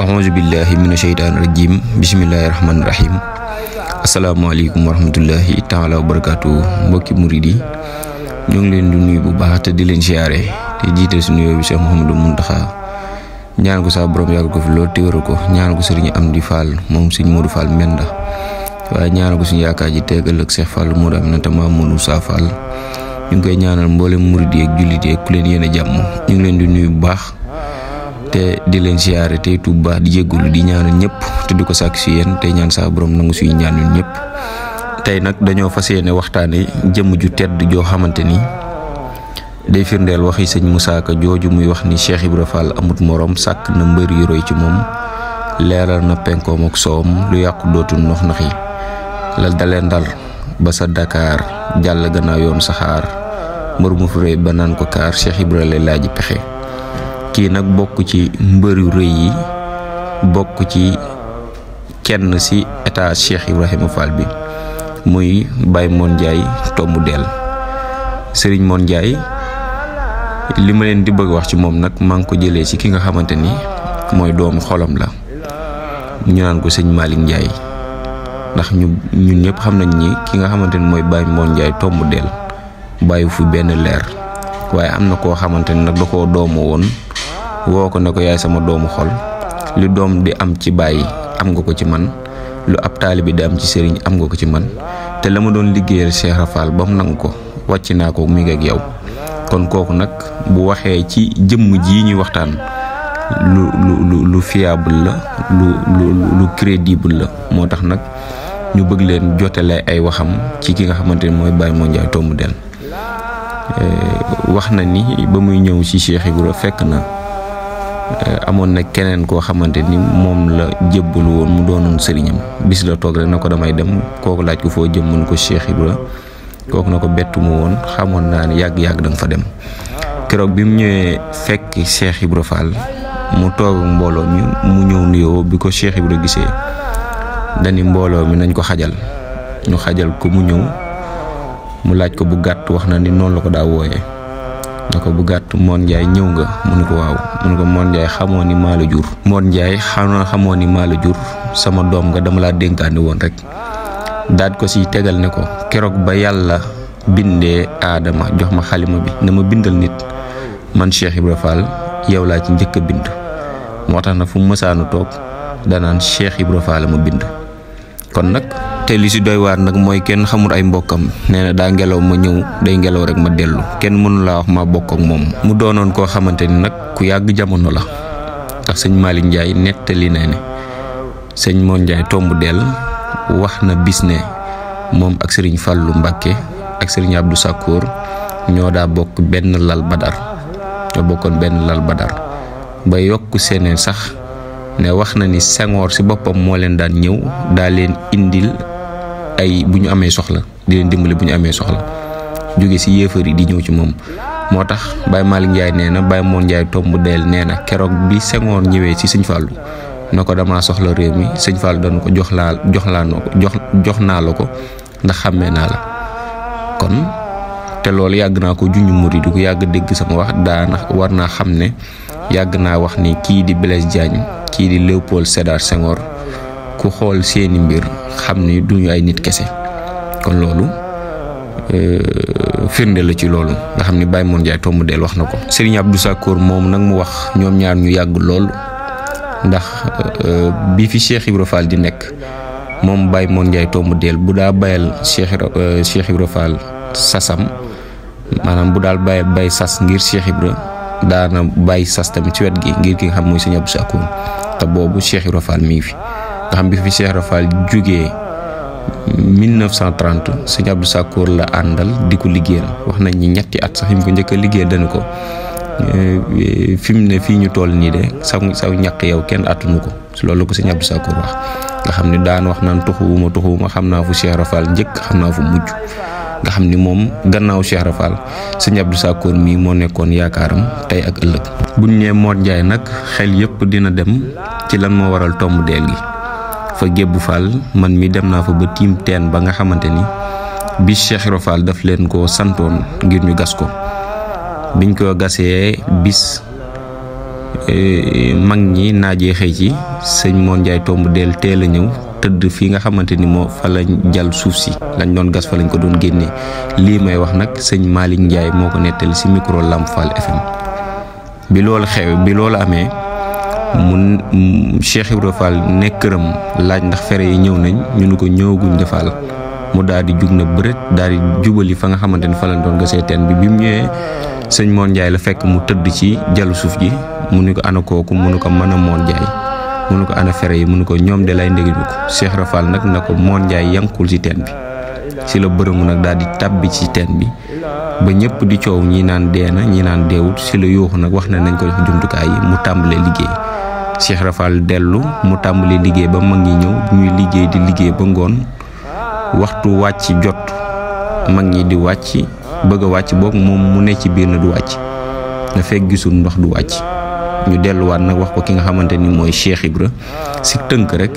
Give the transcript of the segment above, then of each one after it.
A'udzu billahi Bismillahirrahmanirrahim. Assalamualaikum warahmatullahi taala wabarakatuh. Mbokki muridi ñu ngi leen di nuyu bu baax te di leen ziaré te jité suñu yow Cheikh Mouhamadou Mountakha ñaan ko sa borom yàgg ko fi lo te wëru ko ñaan ko Serigne Amdi di mom Serigne Modou Fall Menda Wa ñaan ko suñu yaakaar ji tegal ak Cheikh Fall Modou Aminata boleh Sa Fall ñu ngi koy ñaanal mbolé muridi ak julité ak ku leen yéene jamm. ñu ngi leen di nuyu bu baax te di leen siyaare tey tuubaa di yegul di ñaanal ñëpp te di ko sàkk yeen te ñaan sa borom nangu suñu ñaan ñun ñëpp tey nag dañoo fas yéene jëm ju tedd jo xamanteni day firndel waxi señ Moussa Ka joju muy wax ni Cheikh Ibra Fall amut morom sak na mbeur yu roy ci mom leral na penko ak som lu yaq dootul nox naxi lal dal ba sa Dakar jall gannaaw yoon sahar mbër mu banan ko kar Cheikh Ibra lay laaji pexé kii nag bokk ci mbëru rëy yi bokk ci kenn si état Cheikh Ibrahima Fall bi muy Baye Mon Ndiaye tombu del sëriñ Mon njaay li ma leen di bëgg wax ci moom nag maa ngi ko jëlee ci ki nga xamante ni mooy doomu xolom la ñu naan ko sëñ Malick njaay ndax ñu ñun ñëpp xam nañ ni ki nga xamante ni mooy Baye Mon Ndiaye tombu del bàyyi fu benn leer waaye am na koo xamante ni nag da koo doomu woon woo ko ne ko yaay sama doomu xol li doom di am ci bàyyi am nga ko ci man lu ab taalibi di am ci sëriñ am nga ko ci man te la ma doon liggéeyal Cheikh Rafal ba mu nangu ko wàcc naa ko mi ngi ak yow kon kooku nag bu waxee ci jëmm ji ñuy waxtaan lu lu lu fiable la lu lu lu la moo tax nag ñu bëgg leen jotale ay waxam ci ki nga xamante ni mooy Baye Mandiaye Tomb Del eh, wax na ni ba muy ñëw ci Cheikh Ibra fekk na Eh, Amon na keneen koo xamante ni moom la jëbbalu woon mu doonoon sëriñam bis la toog rek na ko damay dem kooku laaj ko foo jëm mun ko Cheikh Ibra kooku na ko bettu mu woon xamoon naa ne yàgg-yàgg fa dem keroog bi mu ñëwee fekk Cheikh Ibra Fall mu toog mbooloo mi mu ñëw nuyoo bi ko Cheikh Ibra gisee dani mbooloo mi nañ ko xajal ñu xajal ko mu ñëw mu laaj ko bu gàtt wax na ni noonu la ko daa wooyee na ko bu gàtt Moon Njaay ñëw nga mu ne ko waaw mu ko Moon Njaay xamoo ni maa la jur Moon Njaay xamoo ni maa la sama doom nga dama laa dénkaani woon rek daat ko si tegal ne ko keroog ba yàlla bindee aadama jox ma xalima bi na ma bindal nit man Cheikh Ibra Fall yow laa ci njëkk a bind moo tax na fu mësaanu toog danaan Cheikh Ibra Fall ma bind kon nag te li warna doy war nak moy kenn xamul ay mbokam nee na daa ma ñew day ngelo rek ma dellu kenn mënu la wax ma bokk ak mom mu doonon ko xamanteni nak ku yàgg jamono la ndax señ malik ndjay nettali na ne sëñ Moon Ndiaye tomb wax na bis ne moom ak señ fallu Mbacke ak señ Abdou Sakour ñoo da bokk ben lal badar ñoo bokkon ben lal badar ba yokku seeneen sax ne wax na ni Senghor si bopam mo len daan ñew da len indil ay buñu amé soxla di leen dimbali buñu amé soxla jogé si yéefar yi di ñëw ci mom motax bay Baye Malick néna bay na Baye tombu nyewe del néna kérok bi sengor ñëwé si sëñ fallu nako dama soxla réew mi sëñ Fallou dañ ko jox la jox la noo jox jox na la ko ndax xamé na la kon té lool yag na ko juñu muri ko yag dégg sama wax na war na xamné yag na wax ni kii di Blaise Diagne kii di leopold Sédar sengor ku xol seeni mbir xamni duñu ay nit kese kon euh firnde la ci lolu nga xamni bay mon model Ndiaye tomb del wax na Serigne Abdou Sakour mom nak mu wax ñom ñaar ñu yag lool ndax euh, bi fi Cheikh Ibra Fall di nek mom bay mon jay tomb del bu da bayal Cheikh euh, Cheikh Fall sasam manam bu dal bay bay sas ngir Cheikh daana bay sas tam ci wet gi ngir ki xam moy Serigne Abdou Sakour ta bobu Cheikh Fall mi fi nga fi cheikh rafal jugee 1930 sëñ abdou sakour la andal diko ko liggéeyal wax nañ ñi ñetti at sax yim ko ñëk a dañ ko eh, fi ne fi ñu toll ni de saw saw ñak yow kenn attunu ko lolu ko sëñ abdou sakour wax nga xamni daan wax naan tuxuwuma tuxuwuma xam naa fu cheikh rafal njëkk xamna fu mujj nga xamni mom gannaaw Cheikh Rafal sëñ Abdou Sakour mi mo nekkon yaakaaram tay ak ëlëk buñ mod jaay nak xel yépp dina dem ci lan mo waral tomb fa gebu fall man mi dem na fa ba tim ten ba nga xamanteni bi cheikh rofal daf len ko santone ngir ñu gas ko biñ ko gasé bis e, mag ñi naajee xëy ci señ moon njaay tombe del teel a ñëw tëdd fi nga xamanteni mo fa lañ jal suuf ci lañ doon gas fa lañ ko doon génné li may wax nak señ malik ndjay moko ko ci si micro lamp fall fm bi lol xew bi lol amé Mun mm, Cheikh Rafal Fall nekk këram laaj ndax fere yi ñëw nañ ñu ne ko ñëwaguñ defaal mu daal di jug na bërët daal jubali fa nga xamante fa lañ doon gasee teen bi bimu mu ñëwee mon jaay la fekk mu ci jallu suuf ji mu ko ana koku mu ne ko mën a mu ko ana fere yi mu ne ko de lay ndégg ko Cheikh rafal nak nag na ko Moon Njaay yankul ci teen bi ci la bërëmu nag daal di tàbbi ci teen bi ba ñepp di ciow ñi naan deena ñi naan deewut ci la nak wax na nañ ko jox mu tambalé liggéey cheikh rafal delu mu tambali liggey ba ma ngi ñew ñuy liggey di liggey ba ngon waxtu wacc jot ma ngi di wacc bëgg wacc bok mom mu ne ci biir na du wacc na fek gisul ndox du wacc ñu delluwaat nak wax ko ki nga xamanteni ni cheikh ibra si teunk rek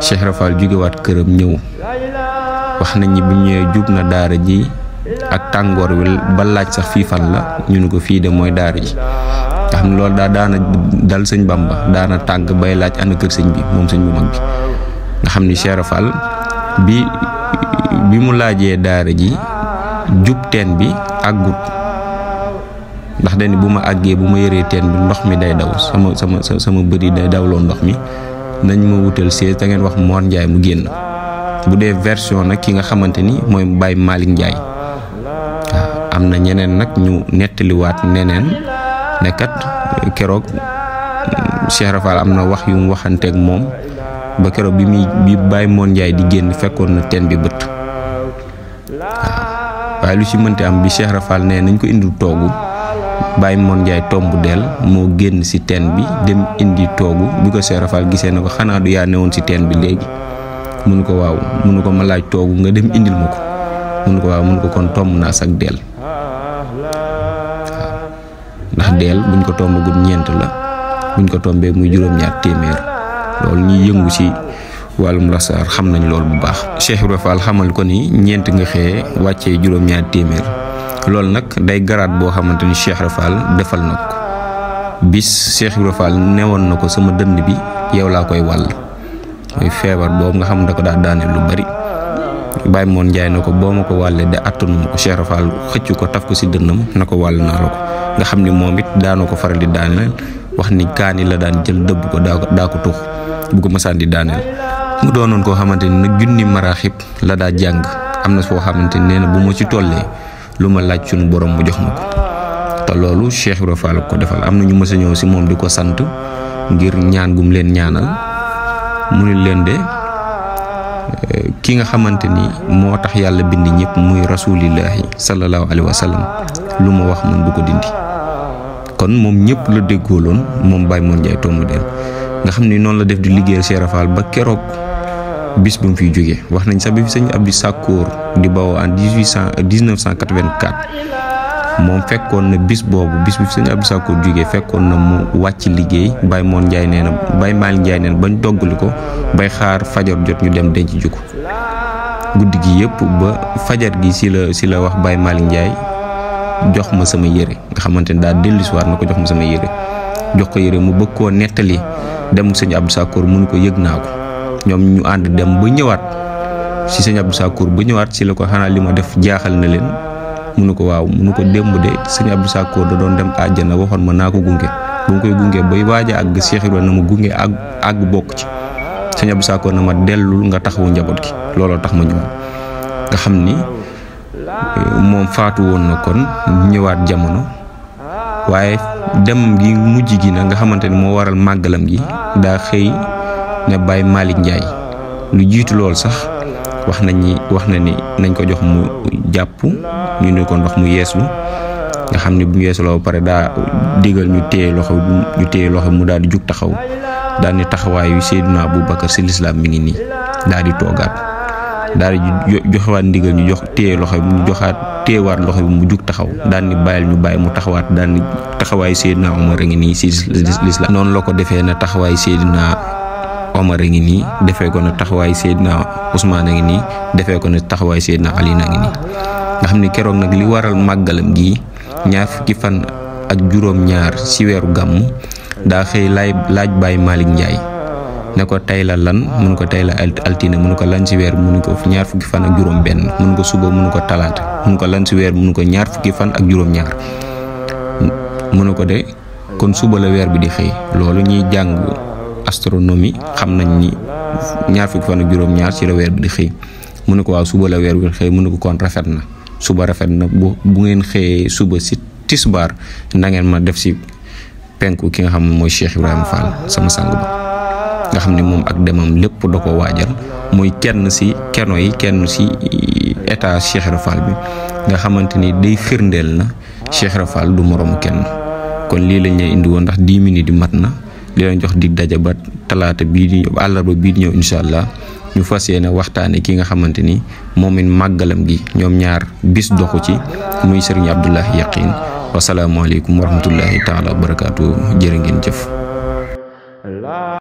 cheikh rafal jógewaat kërëm ñew wax nañ ni bu ñewé jup na daara ji ak tangor wi ba laaj sax fi fan la ñu ne ko fi de moy daara ji xam loolu da daana dal sëñ bamba daana tàgg bay laaj ana keur sëñ bi mom sëñ bu mag bi nga xamni cheikh fall bi bi mu laajee daara ji jup ten bi agut. ndax dañ buma ma buma bu ma bi ndox mi day daw sama sama sama beuri day lo ndox mi nañ ma wutal sees da ngeen wax moor njaay mu genn bu dé version nak ki nga xamanteni moy bay malik am na ñeneen nag ñu nettaliwaat neneen ne kat keroog Cheikh Rafal amna wax yu mu ak mom ba bi mi bi bay mon Njaay di génn fekkon na ten bi beut waaw lu ci mënti am bi Cheikh Rafal ne nañ ko indi togu bay mon Njaay tombu del mo génn ci ten bi dem indi togu, bi ko Cheikh Rafal gisé na ko xanaa du ya newoon ci ten bi legi munu ko waw munu ko ma laaj togu nga dem indil mako ko munu ko waw munu ko kon tomb na del ndax ko tombagul ñeent la buñ ko tombee muy juróom téeméer loolu yëngu ci wàllum lasaar xam nañ loolu bu baax. Cheikh Ibra Fall xamal ko ni ñeent nga xëye wàcce juróom-ñaar téeméer loolu nag day garaat boo xamante ni Cheikh defal na ko bis Cheikh newoon na ko sama dënd bi yow laa koy wàll muy feebar boobu nga xam na ko daa daane lu bari. bay mon jay nako ko boo ma ko de attanuma ko Cheikh Fall xëccu ko taf ko ci dënnam nako wal na lako nga xamni momit da nako faral di daaneel wax ni kaani la daan jël dëbb ko da ko tux bu ko mësaan di daanel mu doonoon koo xamante ni nag junni la da jang amna so xamanteni neena bu mo ci tollé luma borom mu jox ma ta te Cheikh rofal ko defal amna ñu mësa ñëw si moom di sant ngir ñaan gum leen ñaanal mu leen de ki nga xamante ni moo tax yàlla bind ñëpp muy rasulillahi sallallahu alayhi wa sallam lu ma wax man du ko dindi kon moom ñëpp la déggooloon moom Baye Mor Ndiaye Tomb del nga xam ni noonu la def di liggéeyal Cheikh Fall ba keroog bis ba mu fiy jógee wax nañ sax bi fi sëñ Abdou Sakkoor di bawoo en dix huit cent dix moom fekkoon na bis boobu bis bi sëñ Abdou Sakkour jógee fekkoon na mu wàcc liggéey bay Moon Njaay nee na Baye Maal Njaay nee na bañ ko bay xaar fajar jot ñu dem denc juko guddi gi yëpp ba fajar gi si la si la wax bay Maal Njaay jox ma sama yére nga xamante ne daal dellusiwaat na ko jox ma sama yére jox ko yére mu bëgg koo nettali dem sëñ Abdou Sakkour mënu ko yëg naa ko ñoom ñu ànd dem ba ñëwaat si sëñ Abdou Sakkour ba ñëwaat si la ko xanaa li ma def jaaxal na leen mu ne ko waaw mu ko démb de sëñ Abdou Sakkoor da doon dem àjjana waxoon ma naa ko gunge bu mu koy gunge bay waaja àgg Cheikh Ibrahima na mu gunge ak àgg bokk ci sëñ Abdou Sakkoor na ma dellul nga taxawu njaboot gi looloo tax ma ñëw nga xam ni eh, moom faatu woon na kon ñëwaat jamono waaye dem gi mujj gi nga xamante ni moo waral màggalam gi daa xëy ne Baye Malick Ndiaye lu jiitu lool sax. wax nañ ni wax na ni nañ ko jox mu jàpp ñu ne ko ndox mu yeeslu nga xam ne bu ñu yeesuloo ba pare daa digal ñu téye loxo ñu téye loxo mu daal di jug taxaw daal ni taxawaayu Seydina Aboubacar si lislaam mi ngi nii daal di toogaat daal di joxewaat ndigal ñu jox téye loxo bi mu joxaat téyewaat loxo bi mu jug taxaw daal ni bàyyil ñu bàyyi mu taxawaat daal ni taxawaayu Seydina Omar a ngi nii si lislaam noonu la ko defee na taxawaayu Seydina omar ngi ni defé ko na taxawaay sayyidna usman ngi ni defé ko na taxawaay sayyidna ali ngi ni nga xamni kérok nak li waral magalam gi ñaar fukki fan ak juróom ñaar ci wéru gam da xey lay laaj bay malik ndjay ne ko tay la lan mun ko tay la altine mun ko lan ci weer mun ko ñaar fukki fan ak juróom ben mun ko suba mun ko talaata mun ko lan ci weer mun ko ñaar fukki fan ak ñaar mun ko de kon suba la wer bi di xey loolu ñi Astronomi, xam nañ ni ñaar fukk fan juroom ñaar ci la bi di xey mu ne ko waaw suba la wer bi xey mu ne ko kon rafet na suba rafet na bu bu ngeen xëyee suba si tisbar na ngeen ma def si penku ki nga xam cheikh ibrahim fall sama sang ba nga xam ni moom ak demam lépp da ko waajal mooy kenn si keno yi kenn si eh, état cheikh fall bi nga xamante ni day firndeel na cheikh fall du moromu kenn kon lii lañ lay indi woon ndax 10 minutes di mat di leen jox dig daje ba talaata bii di ñëw àllarba bii di ñëw allah ñu fas yéene waxtaane ki nga xamante ni moom it màggalam gi ñoom ñaar bis doxu ci muy sëriñ Abdoulaye Yakhine wasalaamualeykum wa rahmatullahi taala wa barakaatu jërë ngeen jëf.